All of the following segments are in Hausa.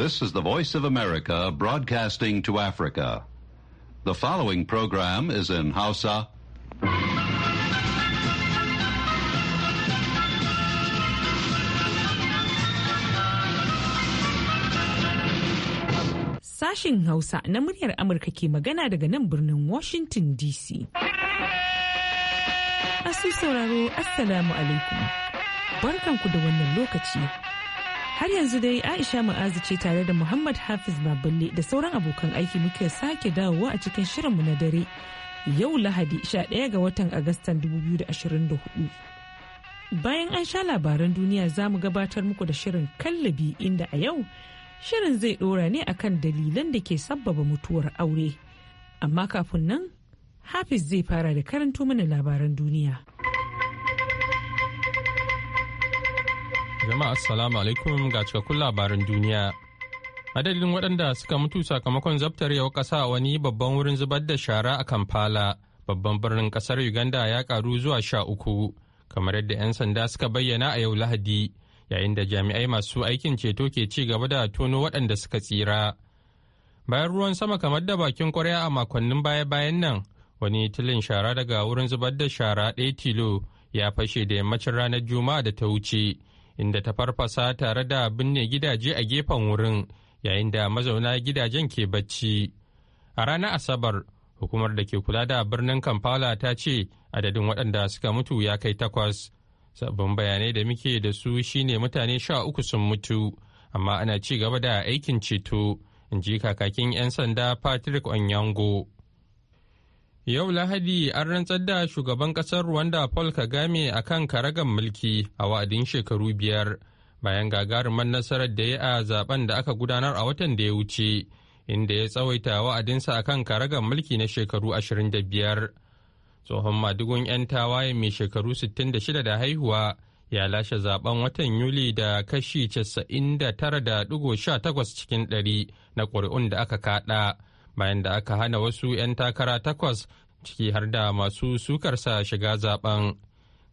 This is the Voice of America broadcasting to Africa. The following program is in Hausa. Sashin Hausa na muryar Amurka ke magana daga nan birnin Washington DC. Asu sauraro, Assalamu alaikum. Barkanku da wannan lokaci. Har yanzu dai Aisha Ma'azi ce tare da Muhammad Hafiz Baballe da sauran abokan aiki muke sake dawowa a cikin shirinmu na dare. Yau Lahadi 11 ga watan Agustan 2024. Bayan an sha labaran duniya za mu gabatar muku da shirin kallabi inda a yau shirin zai ɗora ne akan dalilan da ke sabbaba mutuwar aure. Amma kafin nan, Hafiz zai fara da karanto mana labaran duniya. Jama'a Assalamu alaikum ga cikakkun labaran duniya. Adadin waɗanda suka mutu sakamakon yau ƙasa a wani babban wurin zubar da shara a Kampala, babban birnin ƙasar Uganda ya ƙaru zuwa sha uku, kamar yadda 'yan sanda suka bayyana a yau Lahadi, yayin da jami'ai masu aikin ceto ke ci gaba da tono waɗanda suka tsira. Bayan ruwan sama kamar da bakin ƙwarya a makonnin baya-bayan nan, wani tilin shara daga wurin zubar da shara ɗaya tilo ya fashe da yammacin ranar Juma'a da ta wuce. inda ta farfasa tare da binne gidaje a gefen wurin yayin da mazauna gidajen ke bacci a ranar asabar hukumar da ke kula da birnin kampala ta ce adadin waɗanda suka mutu ya kai takwas sabbin bayanai da muke da su shine mutane sha uku sun mutu amma ana ci gaba da aikin ceto in ji kakakin 'yan sanda patrick onyango Yau Lahadi an rantsar da shugaban ƙasar Rwanda Paul Kagame a kan karagan mulki a wa'adin shekaru biyar bayan gagarumar nasarar da ya a zaben da aka gudanar a watan da ya wuce, inda ya tsawaita wa'adinsa a kan karagan mulki na shekaru 25. Tsohon madugun 'yan tawaye mai shekaru 66 da haihuwa ya lashe zaben watan Yuli da kashi 99.18 cikin 100 na ƙuri'un da aka kaɗa. bayan da aka hana wasu 'yan takara takwas ciki har da masu sukarsa shiga zaben.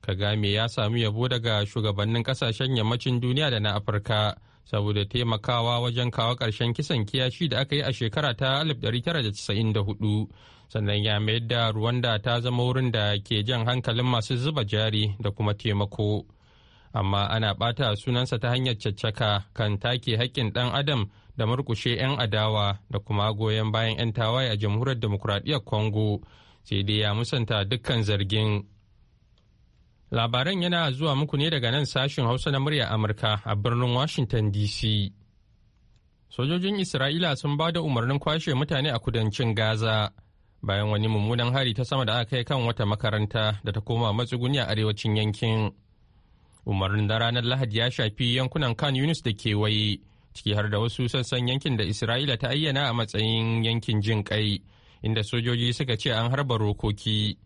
Kagame ya sami yabo daga shugabannin kasashen yammacin duniya da na Afirka saboda taimakawa wajen kawo ƙarshen kisan kiyashi da aka yi a shekara ta 1994 sannan ya mayar da Rwanda ta zama wurin da ke jan hankalin masu zuba jari da kuma taimako. amma ana ɓata sunansa ta hanyar caccaka kan take haƙƙin ɗan adam da murƙushe 'yan adawa da kuma goyon bayan 'yan tawaye a jamhuriyar demokuraɗiyyar congo sai dai ya musanta dukkan zargin labaran yana zuwa muku ne daga nan sashin hausa na murya amurka a birnin washington dc sojojin isra'ila sun ba da umarnin kwashe mutane a kudancin gaza bayan wani mummunan hari ta sama da aka kai kan wata makaranta da ta koma matsuguni a arewacin yankin umarnin da ranar lahadi ya shafi yankunan kan yunus da kewaye ciki har da wasu sassan yankin da isra'ila ta ayyana a matsayin yankin jin kai inda sojoji suka ce an harba rokoki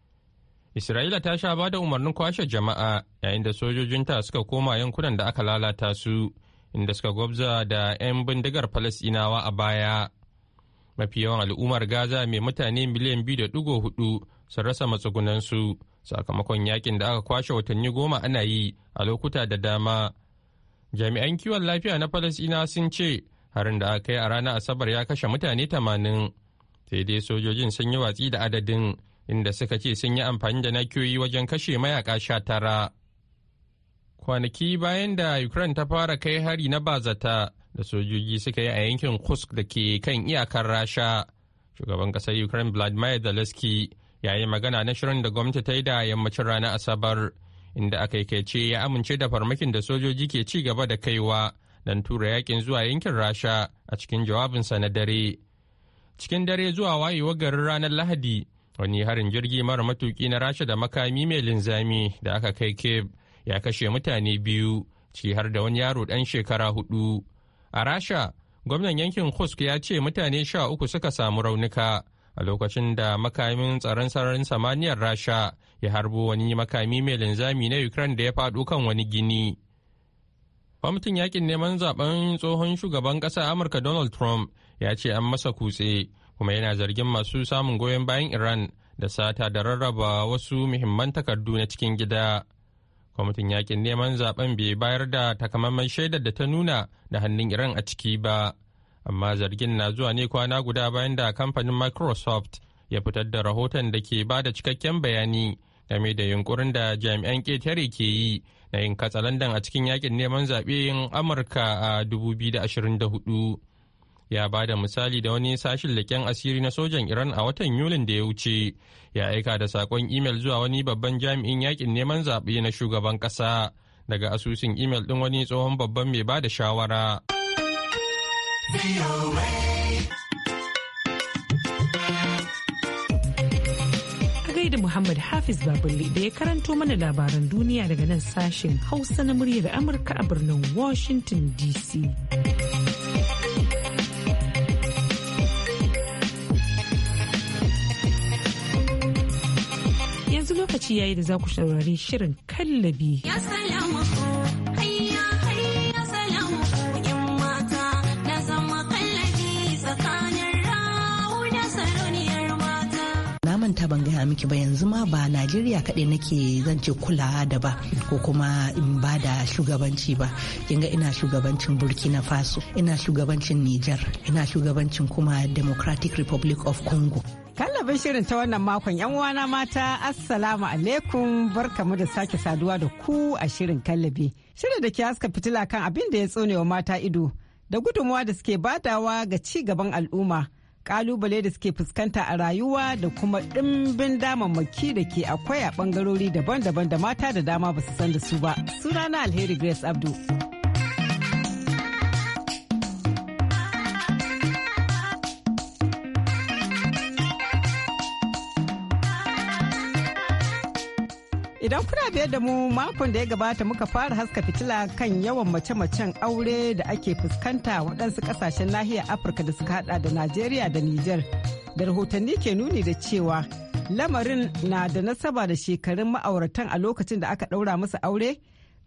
isra'ila ta sha ba da umarnin kwashe jama'a yayin da sojojinta suka koma yankunan da aka lalata su inda suka gwabza da 'yan bindigar falasinawa a baya mafi yawan al'ummar gaza mai mutane miliyan 2.4 sun rasa matsugunansu sakamakon yakin da aka kwashe watanni goma ana yi a lokuta da dama jami'an kiwon lafiya na falasina sun ce harin da aka yi a ranar asabar ya kashe mutane tamanin sai dai sojojin sun yi watsi da adadin inda suka ce sun yi amfani da nakiyoyi wajen kashe mayaka sha tara kwanaki bayan da ukraine ta fara kai hari na bazata da sojoji suka yi a yankin kusk da ke kan iyakar rasha shugaban kasar ukraine vladimir zelensky yayi magana na shirin da gwamnati ta yi da yammacin ranar asabar inda aka kai ce ya amince da farmakin da sojoji ke ci gaba da kaiwa don tura yakin zuwa yankin rasha a cikin jawabinsa na dare cikin dare zuwa wayewar garin ranar lahadi wani harin jirgi mara matuki na rasha da makami mai linzami da aka kai keb ya kashe mutane biyu ciki har da wani yaro ɗan shekara hudu a rasha gwamnan yankin husk ya ce mutane sha uku suka samu raunuka a lokacin da makamin tsaron sararin samaniyar rasha ya harbo wani makami mai linzami na ukraine da ya faɗo kan wani gini kwamitin yakin neman zaben tsohon shugaban ƙasa amurka donald trump ya ce an masa kutse kuma yana zargin masu samun goyon bayan iran da sata da rarraba wasu muhimman takardu na cikin gida kwamitin yakin neman zaben bai bayar da takamaiman shaidar da ta nuna da hannun iran a ciki ba amma zargin na zuwa ne kwana guda bayan da kamfanin microsoft ya fitar da rahoton da ke ba da cikakken bayani game da yunkurin da jami'an ƙetare ke yi na yin katsalandan a cikin yakin neman zaɓe yin amurka a 2024 ya ba da misali da wani sashin leƙen asiri na sojan iran a watan yulin da ya wuce ya aika da saƙon imel zuwa wani babban jami'in yakin neman zaɓe na shugaban ƙasa daga asusun imel ɗin wani tsohon babban mai ba da shawara. gaida Muhammad Hafiz Baballe da ya karanto mana labaran duniya daga nan sashen Hausa na muryar Amurka a birnin Washington DC. Yanzu lokaci yayi da za ku saurari shirin kallabi. Ya ban gaya miki ba yanzu ma ba najeriya kaɗai nake zan ce kulawa da ba ko kuma in ba da shugabanci ba kinga ina shugabancin burkina faso ina shugabancin niger ina shugabancin kuma democratic republic of congo kallabin shirin ta wannan makon yan uwana mata assalamu alaikum barkamu da sake saduwa da ku a shirin kallabi shirin da ke haska fitila kan abin da ya tsonewa mata ido da gudunmuwa da suke badawa ga ci gaban al'umma kalubale da suke fuskanta a rayuwa da kuma ɗimbin damammaki da ke akwai a bangarori daban-daban da mata da dama ba su san da su ba. Sunana Alheri Grace Abdu. Idan kuna biyar da mu makon da ya gabata muka fara haska fitila kan yawan mace-macen aure da ake fuskanta waɗansu ƙasashen nahiyar Afirka da suka hada da Najeriya da Nijar. Da rahotanni ke nuni da cewa lamarin na da nasaba da shekarun ma'auratan a lokacin da aka ɗaura musu aure,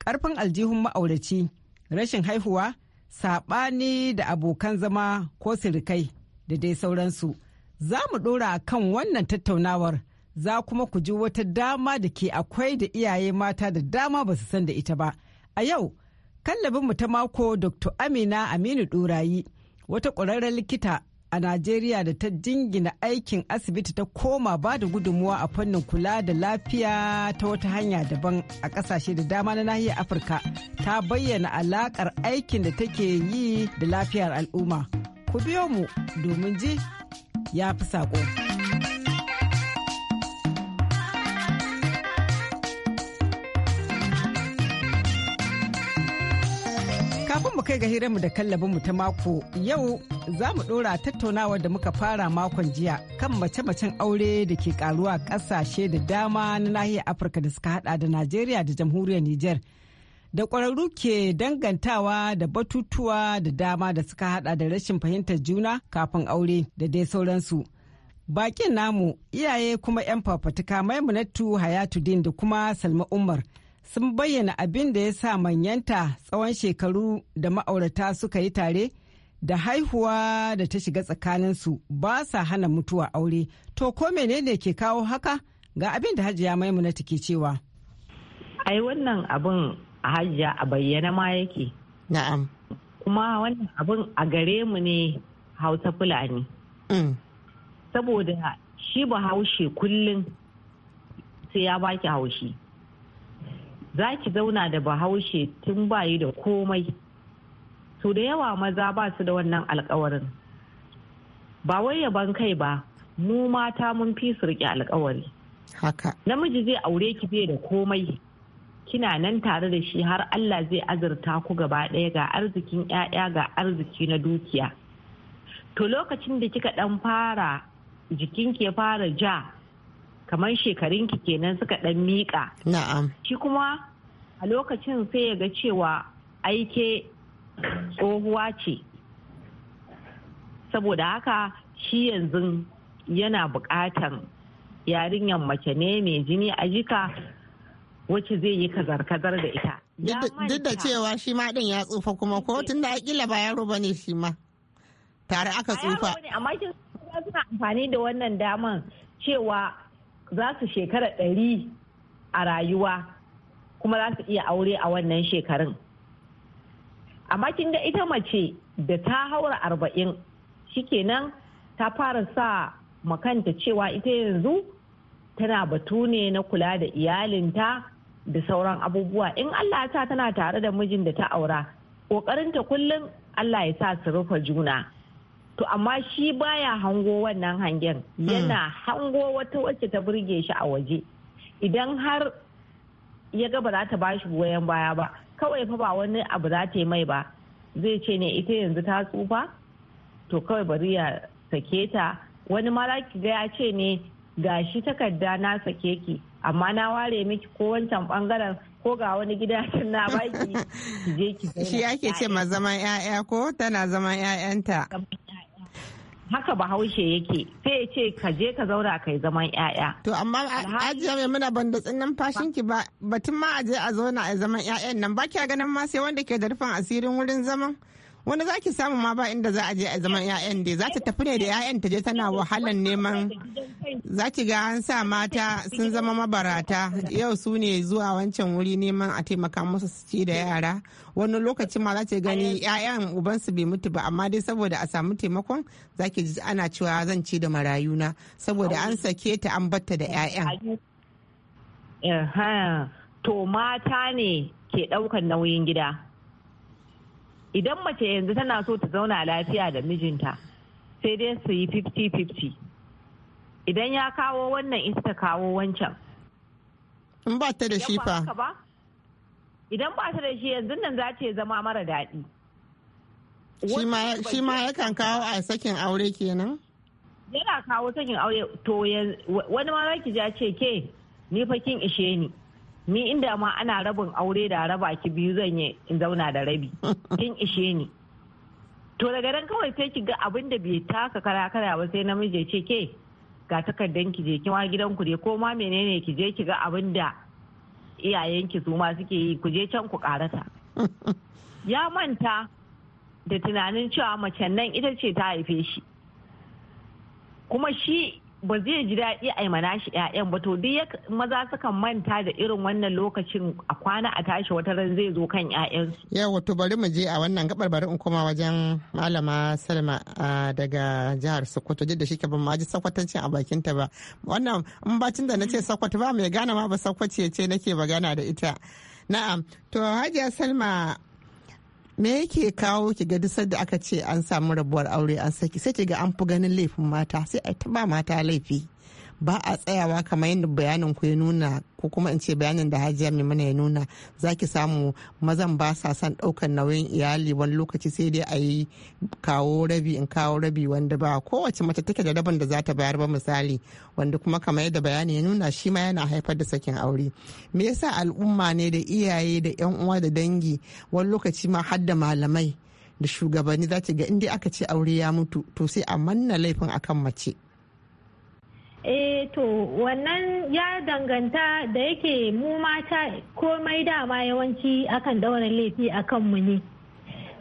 ƙarfin aljihun ma'auraci, rashin haihuwa, saɓani da abokan zama ko sirikai da dai sauransu. Za mu ɗora kan wannan tattaunawar. za kuma ku ji wata dama da ke akwai da iyaye mata da dama ba su san da ita ba. A yau, kallabinmu ta mako Dr. Amina Aminu Ɗorayi, wata ƙwararren likita a Najeriya da ta jingina aikin asibiti ta koma ba da gudunmuwa a fannin kula da lafiya ta wata hanya daban a ƙasashe da dama na nahiyar Afirka, ta bayyana alaƙar aikin da take yi da lafiyar al'umma. Ku biyo mu domin ji ya fi saƙo. Kafin mu kai ga hiranmu da kallabin mu ta mako yau za mu ɗora tattaunawar da muka fara makon jiya kan mace-macen aure da ke karuwa ƙasashe da dama na nahiyar Afirka da suka hada da Najeriya da jamhuriyar Nijar. Da ƙwararru ke dangantawa da batutuwa da dama da suka hada da rashin fahimtar juna kafin aure da dai sauransu. Bakin namu iyaye kuma 'yan fafatuka Maimunatu din da kuma Salma Umar. sun bayyana abin da ya sa manyanta tsawon shekaru da ma'aurata suka yi tare da haihuwa da ta shiga tsakaninsu ba sa hana mutuwa aure to ko menene ke kawo haka ga abin da hajiya maimuna take cewa ai wannan abin a hajiya a bayyana ma yake na'am kuma wannan abin a gare mu ne hausa fulani mm. saboda shi ba bahaushe kullum sai ya baki haushi za ki zauna da bahaushe tun bayi da komai to da yawa maza ba su da wannan alkawarin ba wai yaban kai ba mu mata mun fi su rike alkawari namiji zai aure ki bai da komai kina nan tare da shi har Allah zai azurta ku gaba ɗaya ga arzikin 'ya'ya ga arziki na dukiya to lokacin da kika ɗan fara jikinki ya fara ja kamar shekarun ki kenan suka dan miƙa na'am shi kuma a lokacin sai ya ga cewa aike tsohuwa ce saboda haka shi yanzu yana buƙatan yarinyar mace ne mai jini a jika wacce zai yi kazar-kazar da ita duk da cewa shi ma din ya tsufa kuma ko tun da akila ba yaro bane shi ma tare aka tsufa amma suna amfani da wannan daman cewa za su shekara ɗari a rayuwa kuma za su iya aure a wannan shekarun amma kin ga ita mace da ta haura arba'in shi shikenan ta fara sa makanta cewa ita yanzu tana batu ne na kula da iyalinta da sauran abubuwa in allah ta tana tare da mijin da ta aura ƙoƙarinta kullum allah ya sa su rufe juna to amma shi baya hango wannan hangen hmm. yana hango wata wacce ta burge shi a waje idan har ya ga ba za ta bashi goyon baya ba kawai fa ba wani abu za ta yi mai ba zai ce ne ita yanzu ta tsufa to kawai bari ya sake ta wani maza ki ga ya ce ne gashi takarda na sake ki amma na ware miki ko wancan bangaren ko ga wani gida na baki ki je ki shi yake ce ma zaman yaya ko tana zaman yayanta haka bahaushe yake sai ya ce ka je ka zauna kai zaman yaya to amma ajiya ya muna ban da nan fashin ki ba batun ma a je a zauna a zaman yayan nan ba kya ganin ma sai wanda ke da rufin asirin wurin zaman wani zaki samu ma ba inda za a je a zaman 'ya'yan dai za ta tafi ne da 'ya'yan ta je tana wahalan neman za ki ga an sa mata sun zama mabarata yau su ne zuwa wancan wuri neman a taimaka musu su ci da yara wani lokaci ma za ta gani 'ya'yan ubansu bai mutu ba amma dai saboda a samu taimakon za ji ana cewa zan ci da marayuna saboda an sake ta an batta da 'ya'yan. To mata ne ke ɗaukan nauyin gida. idan mace yanzu tana so ta zauna lafiya da mijinta sai dai su yi 50-50 idan ya kawo wannan ita kawo wancan in ba ta da shi fa idan ba ta da shi yanzu nan za ta zama mara daɗi shi ma yakan kawo a sakin aure kenan yana kawo sakin aure to wani ma ki ja ce ke ni fa kin ishe ni ni inda ma ana rabin aure da raba ki biyu zan yi in zauna da rabi kin ishe ni to daga nan kawai sai ki ga abin da bai taka kara kara ba sai namiji ce ke ga takardan ki je kiwa gidan ku dai ko ma menene ki je ki ga abin da iyayenki su ma suke yi ku je can ku karata ya manta da tunanin cewa macen nan ita ce ta haife shi kuma shi ba zai ji daɗi a mana shi ƴaƴan ba to duk maza sukan manta da irin wannan lokacin a kwana a tashi wata ran zai zo kan ƴaƴan su ya to bari mu je a wannan gabar bari in koma wajen malama Salma daga jihar Sokoto duk da shike ban ma ji sakwatancin a bakin ta ba wannan in bacin da nace Sokoto ba mai gane ma ba Sokoto ce nake magana da ita na'am to Hajiya Salma me yake kawo ki ga duk da aka ce an samu rabuwar aure an saki sai ki ga an fi ganin laifin mata sai a taba mata laifi ba a tsayawa kamar yadda bayanin ku ya nuna ko kuma in ce bayanin da hajiya mai mana ya nuna za ki samu mazan ba sa son ɗaukar nauyin iyali wani lokaci sai dai a yi kawo rabi in kawo rabi wanda ba kowace mace take da rabin da za ta bayar ba misali wanda kuma kamar yadda bayanin ya nuna shi ma yana haifar da sakin aure me yasa al'umma ne da iyaye da yan uwa da dangi wani lokaci ma har da malamai da shugabanni za ga inda aka ce aure ya mutu to sai a manna laifin akan mace eh to wannan ya danganta da yake mu mata komai dama yawanci akan daura laifi akan mu ne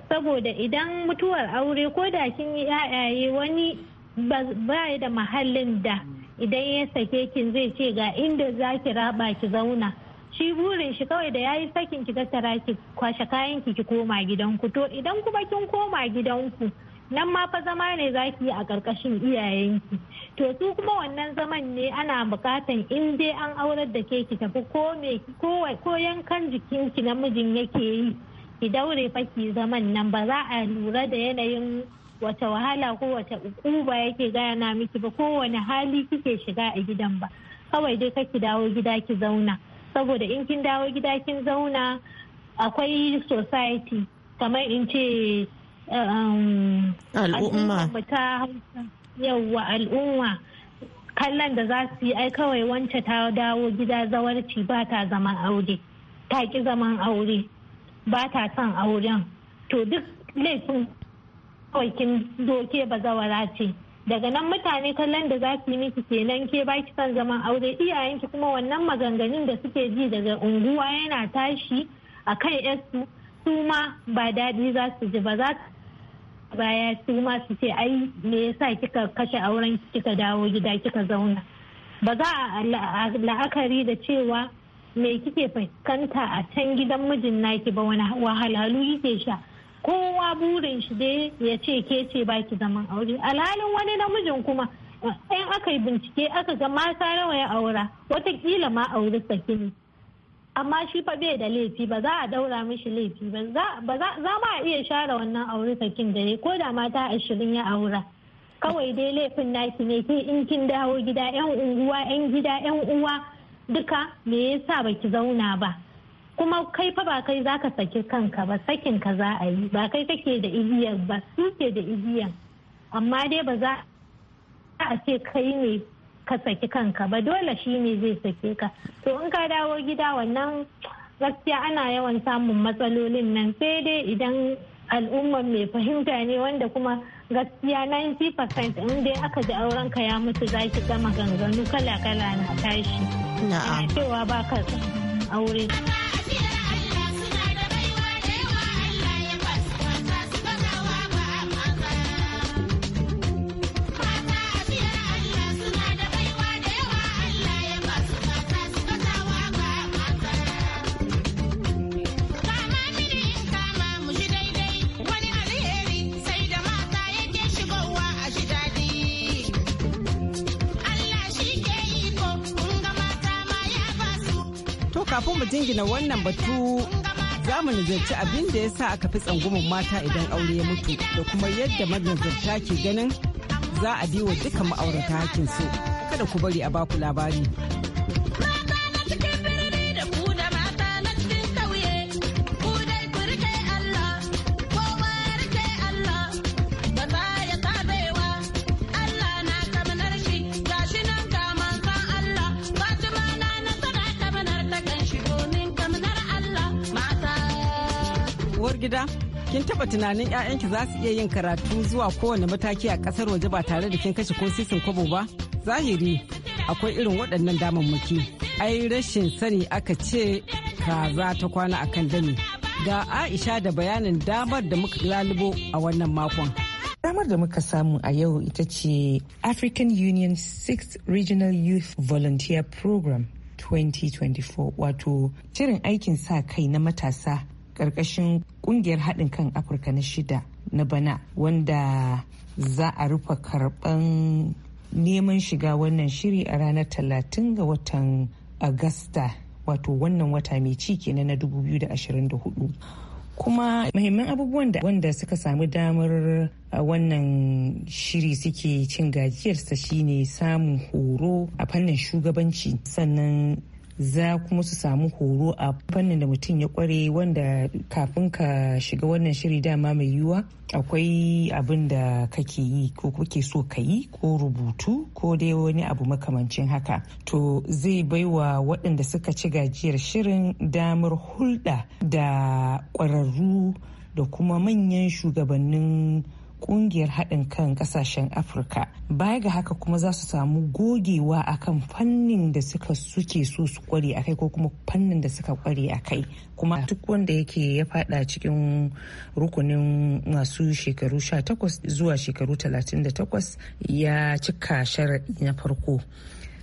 saboda idan mutuwar aure ko da kin yi yayaye wani ba da mahallin da idan ya sake kin zai ce ga inda za ki raba ki zauna shi burin shi kawai da yayi sakin ki tattara ki kwashe kayan ki ki koma gidanku to idan kuma kin koma gidanku nan ma fa zama ne za ki yi a ƙarƙashin iyayenki to su kuma wannan zaman ne ana buƙatan in dai an aurar da ke ki tafi ko me ko yankan jikinki namijin yake yi ki daure fa ki zaman nan ba za a lura da yanayin wata wahala ko wata ukuba yake na miki ba ko wani hali kike shiga a gidan ba kawai dai kake dawo gida ki zauna saboda in kin dawo gida kin zauna akwai society kamar in ce Um, al'umma ta yawwa al'umma kallon da za su yi ai kawai wance ta dawo gida zawarci ba ta zaman aure ta ki zaman aure ba ta son auren to duk laifin kawai doke ba zawara ce daga nan mutane kallon da za su yi miki kenan ke ba ki son zaman aure iyayenki kuma wannan maganganun da suke ji daga unguwa yana tashi a kan su ma ba daɗi za su ji ba za su baya su ma su ce ai me yasa kika kashe auren kika dawo gida kika zauna ba za a la'akari da cewa me kike fuskanta a can gidan mijin naki ba wani wahalhalu yake sha kowa burin shi dai ya ce ke ce ba ki zaman aure alhalin wani namijin kuma in aka yi bincike aka ga mata nawa ya aura watakila ma auri saki amma shi fa bai da laifi ba za a daura mishi laifi ba za ma a iya share wannan aure sakin da ne ko da mata ashirin ya aura kawai dai laifin naki ne ke in kin dawo gida yan unguwa yan gida yan uwa duka me yasa baki zauna ba kuma kai fa ba kai zaka saki kanka ba sakin ka za a yi ba kai kake da igiyar ba su ke da igiyar amma dai ba za a ce kai ne ka saki kanka ba dole shi ne zai sake ka to in ka dawo gida wannan gaskiya ana yawan samun matsalolin nan sai dai idan al'ummar mai fahimta ne wanda kuma gaskiya 90% in dai aka ji auren ka ya mutu za ki gama ganganu kala-kala na tashi. na cewa ba ka aure. kafin mu jingina wannan batu za mu nazarci abin da ya sa aka fi tsangumin mata idan aure ya mutu da kuma yadda manazarta ke ganin za a biwa duka ma'aurata hakkin su kada ku bari a baku labari gida? Kin taba tunanin 'ya'yanki za su iya yin karatu zuwa kowane mataki a kasar waje ba tare da kin kashe ko sisin kwabo ba? Zahiri akwai irin waɗannan damammaki. Ai rashin sani aka ce kaza ta kwana a kan dani. Ga Aisha da bayanin damar da muka lalubo a wannan makon. damar da muka samu a yau ita ce African Union 6th Regional Youth Volunteer Program 2024 wato shirin aikin sa kai na matasa karkashin kungiyar haɗin kan afirka na shida na bana wanda za a rufe karɓan neman shiga wannan shiri a ranar talatin ga watan agasta wato wannan wata mai ci kenan na 2024 kuma mahimman abubuwan da wanda suka samu damar wannan shiri suke cin gajiyarsa shine samun horo a fannin shugabanci sannan za kuma su samu horo a fannin da mutum ya kware wanda kafin ka shiga wannan shiri dama mai yiwuwa akwai abin da kake yi ko kake so ka yi ko rubutu ko dai wani abu makamancin haka to zai baiwa waɗanda suka ci gajiyar shirin damar hulɗa da ƙwararru da kuma manyan shugabannin kungiyar haɗin kan ƙasashen afirka baya ga haka kuma za su samu gogewa akan fannin da suka suke so su kware a kai ko kuma fannin da suka kware a kai kuma duk wanda yake ya fada cikin rukunin masu shekaru 18 zuwa shekaru 38 ya cika sharaɗi na farko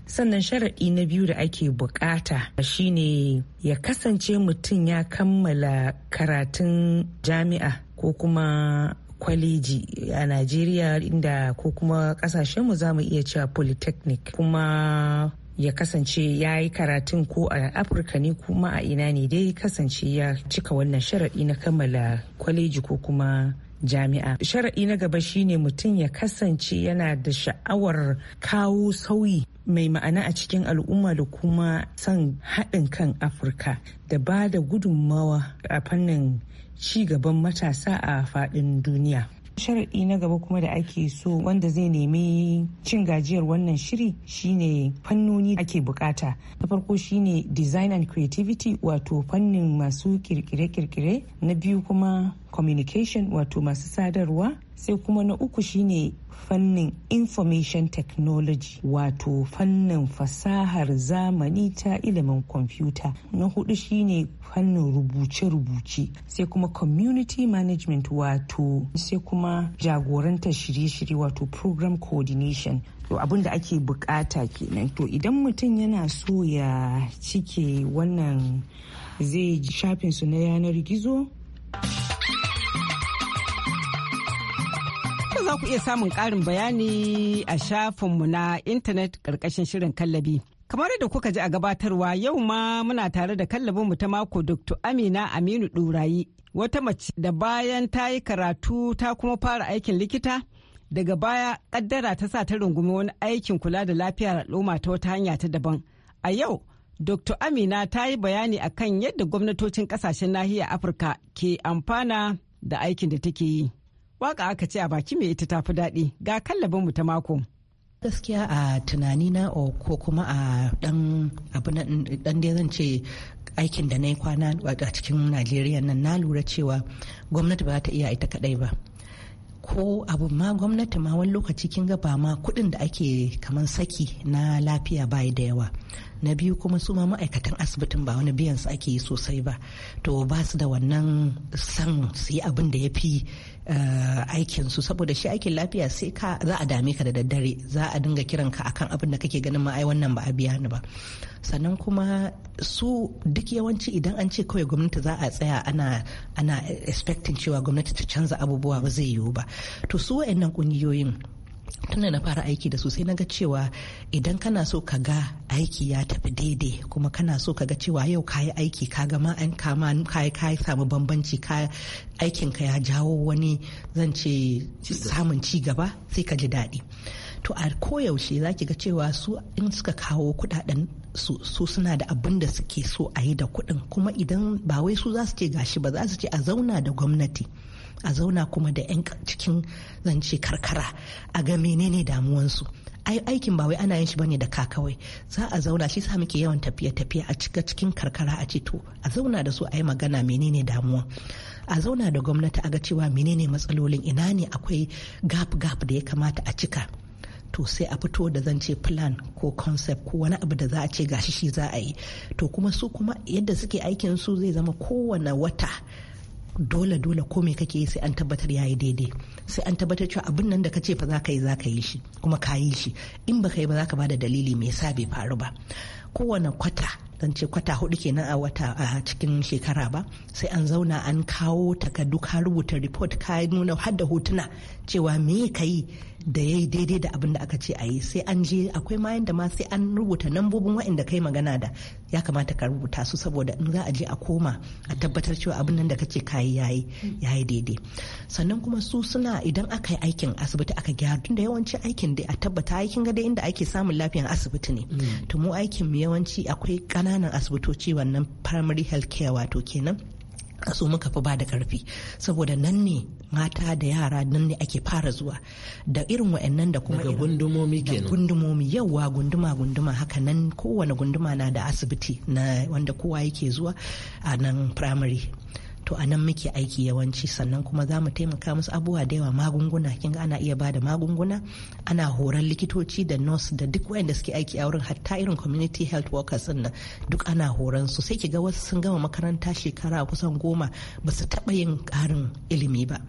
sannan sharaɗi na biyu da ake bukata shine ya kasance mutum ya kammala karatun jami'a ko kuma kwaleji a najeriya inda ko kuma kasashen za mu iya cewa polytechnic kuma ya kasance ya yi karatun ko a afirka ne kuma a ina ne dai kasance ya cika wannan sharaɗi na kammala kwaleji ko kuma jami'a sharaɗi na gaba shine mutum ya kasance yana da sha'awar kawo sauyi mai ma'ana a cikin al'umma da kuma son haɗin kan afirka da ba da gudunmawa a fannin ci gaban matasa a faɗin duniya. sharaɗi na gaba kuma da ake so wanda zai nemi cin gajiyar wannan shiri shine fannoni ake bukata na farko shine design and creativity wato fannin masu kirkire-kirkire na biyu kuma communication wato masu sadarwa sai kuma na uku shine fannin information technology wato fannin fasahar zamani ta ilimin kwamfuta na hudu shine fannin rubuce-rubuce sai kuma community management wato sai kuma jagorantar shirye-shirye wato program coordination to abin da ake bukata kenan to idan mutum yana so ya cike wannan zai shafin su na yanar gizo za ku iya samun ƙarin bayani a shafinmu na intanet ƙarƙashin shirin kallabi. Kamar da kuka ji a gabatarwa yau ma muna tare da kallabinmu ta mako Dr. Amina Aminu Ɗurayi wata mace da bayan ta yi karatu ta kuma fara aikin likita daga baya ƙaddara ta sa ta rungumi wani aikin kula da lafiyar al'umma ta wata hanya ta daban. A yau Dr. Amina ta yi bayani akan yadda gwamnatocin kasashen nahiyar Afirka ke amfana da aikin da take yi. waka aka ce a baki mai ita tafi daɗi ga kallabin mu ta mako. gaskiya a tunanina ko kuma a dan abu na dan da zan ce aikin da na yi kwana a cikin najeriya nan na lura cewa gwamnati ba ta iya ita kadai ba ko abu ma gwamnati ma wani lokaci kin ga ba ma kuɗin da ake kaman saki na lafiya bayi da yawa na biyu kuma su ma ma'aikatan asibitin ba wani biyan su ake yi sosai ba to ba su da wannan san su yi abin da ya fi eh, aikin su saboda shi aikin lafiya sai ka za a dame ka da daddare za a dinga kiran ka akan abin da kake ganin ma ai wannan ba a biya ni ba sannan kuma su duk yawanci idan an ce kawai gwamnati za a tsaya ana ana expecting cewa gwamnati ta canza abubuwa ba zai yiwu ba to su wa'annan kungiyoyin tunda na fara aiki da su sai na ga cewa idan kana so ka ga aiki ya tafi daidai kuma kana so ka ga cewa yau ka yi aiki ka ga ma an kama ka samu bambanci ka aikinka ya jawo wani zan ce samun ci gaba sai ka ji daɗi to a koyaushe za ki ga cewa su in suka kawo kudaden su suna da abin da suke so a yi da kuɗin kuma idan ba wai su za su ce gashi ba za su ce a zauna da gwamnati a zauna kuma da 'yan cikin zance karkara a ga menene damuwansu aikin ba wai ana yin shi bane da ka kawai za a zauna shi sa muke yawan tafiye tafiye a cika cikin karkara a to a zauna da su a yi magana menene damuwa a zauna da gwamnati a ga cewa menene matsalolin ina ne akwai gap gap da ya kamata a cika to sai a fito da zance plan ko concept ko wani abu da za a ce gashi shi za a yi to kuma su kuma yadda suke aikin su zai zama kowane wata dole dole ko me kake yi sai an tabbatar yayi daidai sai an tabbatar cewa abin nan da kace fa za ka yi za ka yi shi kuma ka yi shi in ba ka yi ba za ka bada dalili me yasa bai faru ba kowane kwata don ce kwata hudu kenan a wata a cikin shekara ba sai an zauna an kawo takardu ka rubuta report ka nuna har da hotuna cewa me ka yi da ya yi daidai da abin da aka ce a yi sai an je akwai mayan da ma sai an rubuta nambobin waɗanda kai magana da ya kamata ka rubuta su saboda in za a je a koma a tabbatar cewa abin nan da kake kayi yayi yayi daidai sannan kuma su suna idan aka yi aikin asibiti aka gyara da yawanci aikin dai a tabbata aikin ga dai inda ake samun lafiyan asibiti ne mm. to mu aikin mu yawanci akwai kananan asibitoci wannan primary health care wato kenan su muka fi ba da karfi saboda nan ne mata da yara nan ne ake fara zuwa da irin wa'annan da kuma daga gundumomi kenan gundumomi yawa gunduma gunduma haka nan kowane gunduma na da asibiti na wanda kowa yake zuwa a nan primary to a nan muke aiki yawanci sannan kuma za mu taimaka musu abubuwa da yawa magunguna kinga ana iya ba da magunguna ana horar likitoci da nurse da duk wayanda suke aiki a wurin hatta irin community health workers din nan duk ana horan su sai kiga wasu sun gama makaranta shekara kusan goma ba su taba yin karin ilimi ba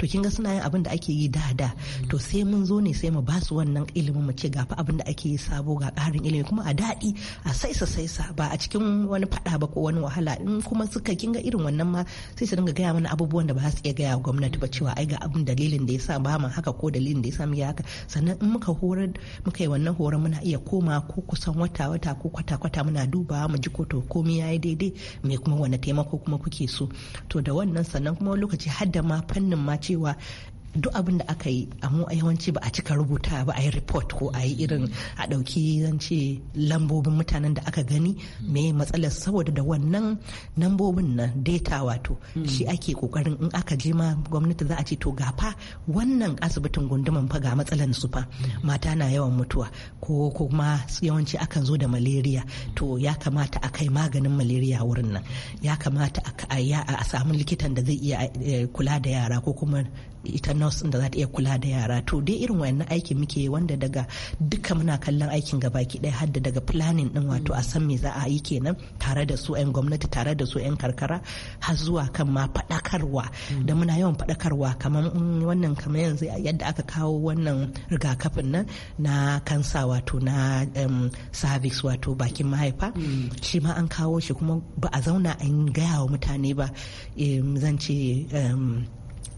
to kinga suna yin abin da ake yi da da to sai mun zo ne sai mu ba su wannan ilimin mu ce ga fa abin da ake yi sabo ga karin ilimi kuma a daɗi a saisa saisa ba a cikin wani fada ba ko wani wahala in kuma suka kinga irin wannan ma sai su dinga gaya mana abubuwan da ba su iya gaya gwamnati ba cewa ai ga abin dalilin da yasa ba mu haka ko dalilin da yasa mu haka sannan in muka horar muka yi wannan horon muna iya koma ko kusan wata wata ko kwata kwata muna duba mu ji ko to komai yayi daidai me kuma wani taimako kuma kuke so to da wannan sannan kuma lokaci har da ma fannin ma cewa duk abin da aka yi amma a yawanci ba a cika rubuta ba a yi report ko a yi irin a ɗauki zance lambobin mutanen da aka gani me matsalar saboda da wannan lambobin na data wato shi ake kokarin in aka je ma gwamnati za a ce to gafa wannan asibitin gunduman fa ga matsalar su fa mata na yawan mutuwa ko kuma yawanci akan zo da malaria to ya kamata a kai maganin malaria wurin nan ya kamata a samu likitan da zai iya eh, kula da yara ko kuma ita nurse da za ta iya kula da yara to dai irin wayannan aiki muke wanda daga duka muna kallon aikin gabaki daya har da daga planning din wato a san me za a yi kenan tare da su 'yan gwamnati tare da su 'yan karkara har zuwa kan ma faɗakarwa da muna yawan faɗakarwa kamar mm, wannan kamar yanzu yadda aka kawo wannan rigakafin nan na kansa wato na cervix wato bakin mahaifa shi ma an kawo shi kuma ba a zauna an gaya wa mutane ba zan ce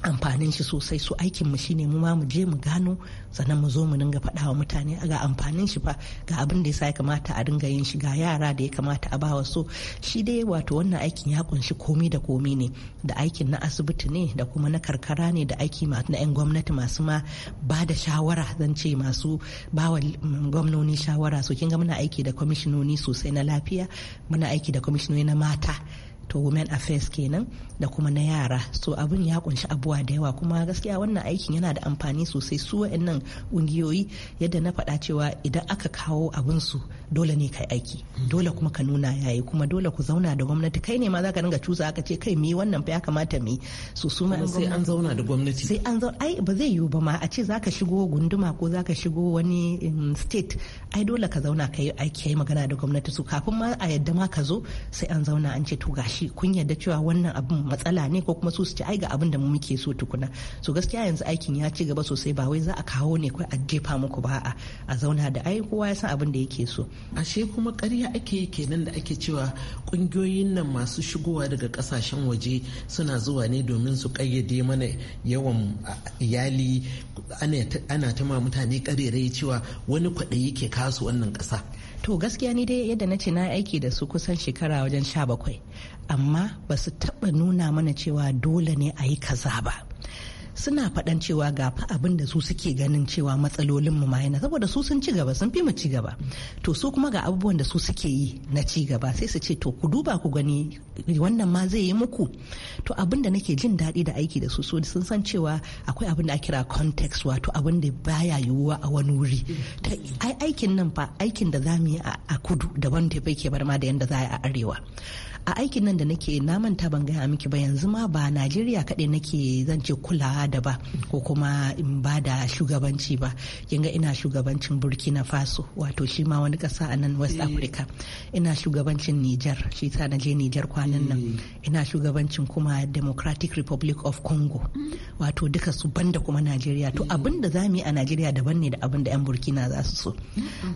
amfanin shi sosai su aikin mu shine mu ma mu je mu gano sannan mu zo mu dinga faɗa wa mutane ga amfanin shi fa ga abin da yasa ya kamata a dinga yin shi ga yara da ya kamata a bawa so shi dai wato wannan aikin ya kunshi komi da komi ne da aikin na asibiti ne da kuma na karkara ne da aiki na 'yan gwamnati masu ma ba da shawara zan ce masu bawa gwamnoni shawara so kin ga muna aiki da kwamishinoni sosai na lafiya muna aiki da kwamishinoni na mata to women affairs kenan da kuma na yara so abin ya kunshi abuwa da yawa kuma gaskiya wannan aikin yana da amfani sosai su wa'annan ƙungiyoyi yadda na faɗa cewa idan aka kawo abin su dole ne kai aiki dole kuma ka nuna yayi kuma dole ku zauna da gwamnati kai ne ma zaka dinga cusa aka ce kai me wannan fa ya kamata mu su su ma sai an zauna da gwamnati sai an zauna ai ba zai yiwu ba ma a ce zaka shigo gunduma ko zaka shigo wani um, state ai dole ka zauna kai aiki kai magana da gwamnati su kafin ma a yadda ma ka zo sai an zauna an ce to gashi shi kun yarda cewa wannan abin matsala ne ko kuma su su ci ai ga abin da mu muke so tukuna so gaskiya yanzu aikin ya ci gaba sosai ba wai za a kawo ne kai a jefa muku ba a a zauna da ai kowa ya san abin da yake so ashe kuma ƙarya ake yi kenan da ake cewa ƙungiyoyin nan masu shigowa daga kasashen waje suna zuwa ne domin su kayyade mana yawan iyali ana ta ma mutane ƙarerai cewa wani kwaɗayi ke kasu wannan ƙasa to gaskiya ni dai yadda na ce na aiki da su kusan shekara wajen sha bakwai amma ba su taɓa nuna mana cewa dole ne a yi kaza ba suna faɗan cewa ga fa abin da su suke ganin cewa matsalolin mu yana saboda su sun ci gaba sun fi mu ci gaba to su kuma ga abubuwan da su suke yi na ci gaba sai su ce to ku duba ku gani wannan ma zai yi muku to abin da nake jin daɗi da aiki da su so sun san cewa akwai abin da a kira context wato abin da baya yiwuwa a wani wuri aikin nan fa aikin da za mu yi a kudu daban da yake bar ma da yanda za a arewa a aikin nan da nake na manta ban gaya miki ba yanzu ma ba najeriya kaɗai nake zan ce kulawa da ba ko kuma in ba da shugabanci ba Kin ga ina shugabancin burkina faso wato shi ma wani ƙasa a nan west eh. africa ina shugabancin niger shi sa na je niger kwanan nan eh. ina shugabancin kuma democratic republic of congo mm. wato duka su banda kuma najeriya to eh. abin da za mu yi a najeriya daban ne da abin da 'yan burkina za su so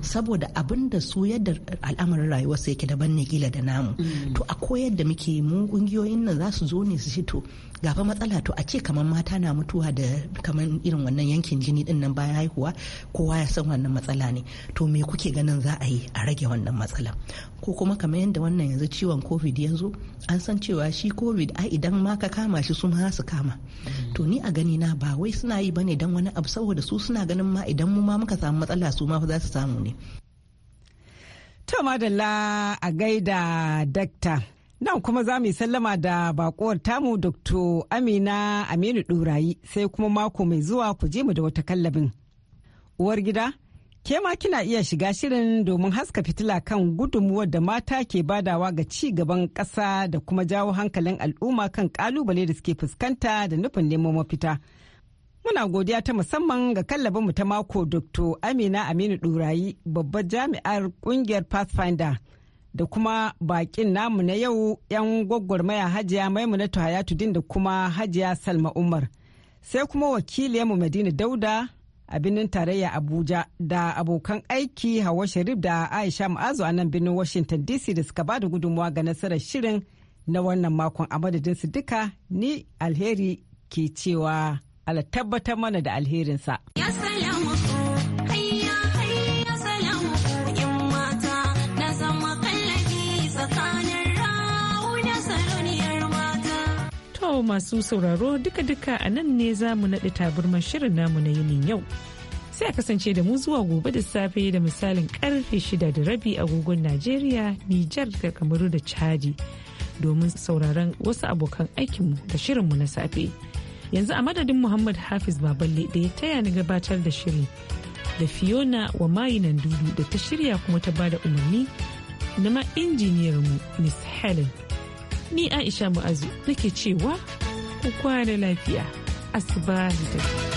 saboda abin da su yadda al'amarin rayuwarsu yake daban ne kila da namu mm. to koyar da muke mu kungiyoyin nan za su zo ne su to gafa matsala to a ce kamar mata na mutuwa da kamar irin wannan yankin jini din nan bayan haihuwa kowa ya san wannan matsala ne to me kuke ganin za a yi a rage wannan matsala ko kuma kamar yadda wannan yanzu ciwon covid ya zo an san cewa shi covid a idan ma ka kama shi su ma su kama mm. to ni a gani na ba wai suna yi bane dan wani abu saboda su suna ganin ma idan mu ma muka samu matsala su ma za su samu ne To madalla a gaida dakta. Nan kuma za mu sallama da bakuwar tamu Dr. Amina Aminu Ɗurayi sai kuma mako mai zuwa ku je mu da wata kallabin. Uwar gida, ke ma kina iya shiga shirin domin haska fitila kan gudunmuwar da mata ke badawa ga ci gaban ƙasa da kuma jawo hankalin al'umma kan ƙalubale da suke fuskanta da nufin neman mafita. Muna godiya ta musamman ga kallabinmu ta mako Dr. Amina Aminu Durayi babbar jami'ar ƙungiyar Pathfinder da kuma bakin namu na yau 'yan gwaggwarmaya hajiya Maimunatu din da kuma hajiya Salma Umar. Sai kuma wakiliyarmu Madina Dauda a birnin tarayya Abuja da abokan aiki Hawa Sharif da Aisha Ma'azu a nan birnin Washington DC da suka ba da gudunmawa ga nasarar shirin na wannan makon a su duka ni alheri ke cewa. ala tabbatar mana da alherinsa. To masu sauraro duka-duka a nan ne za mu naɗi taburman shirin namu na yinin yau. Sai a kasance da mu zuwa gobe da safe da misalin karfe shida da rabi agogon Najeriya, Nijar da Kamaru da Chadi domin sauraron wasu abokan aikinmu da shirinmu na safe. yanzu a madadin muhammad hafiz baballe da ya taya ni gabatar da shiri da fiona wa mayinan dudu da ta shirya kuma ta bada umarni na ma mu miss helen ni aisha mu'azu nake cewa ku kwana lafiya asuba da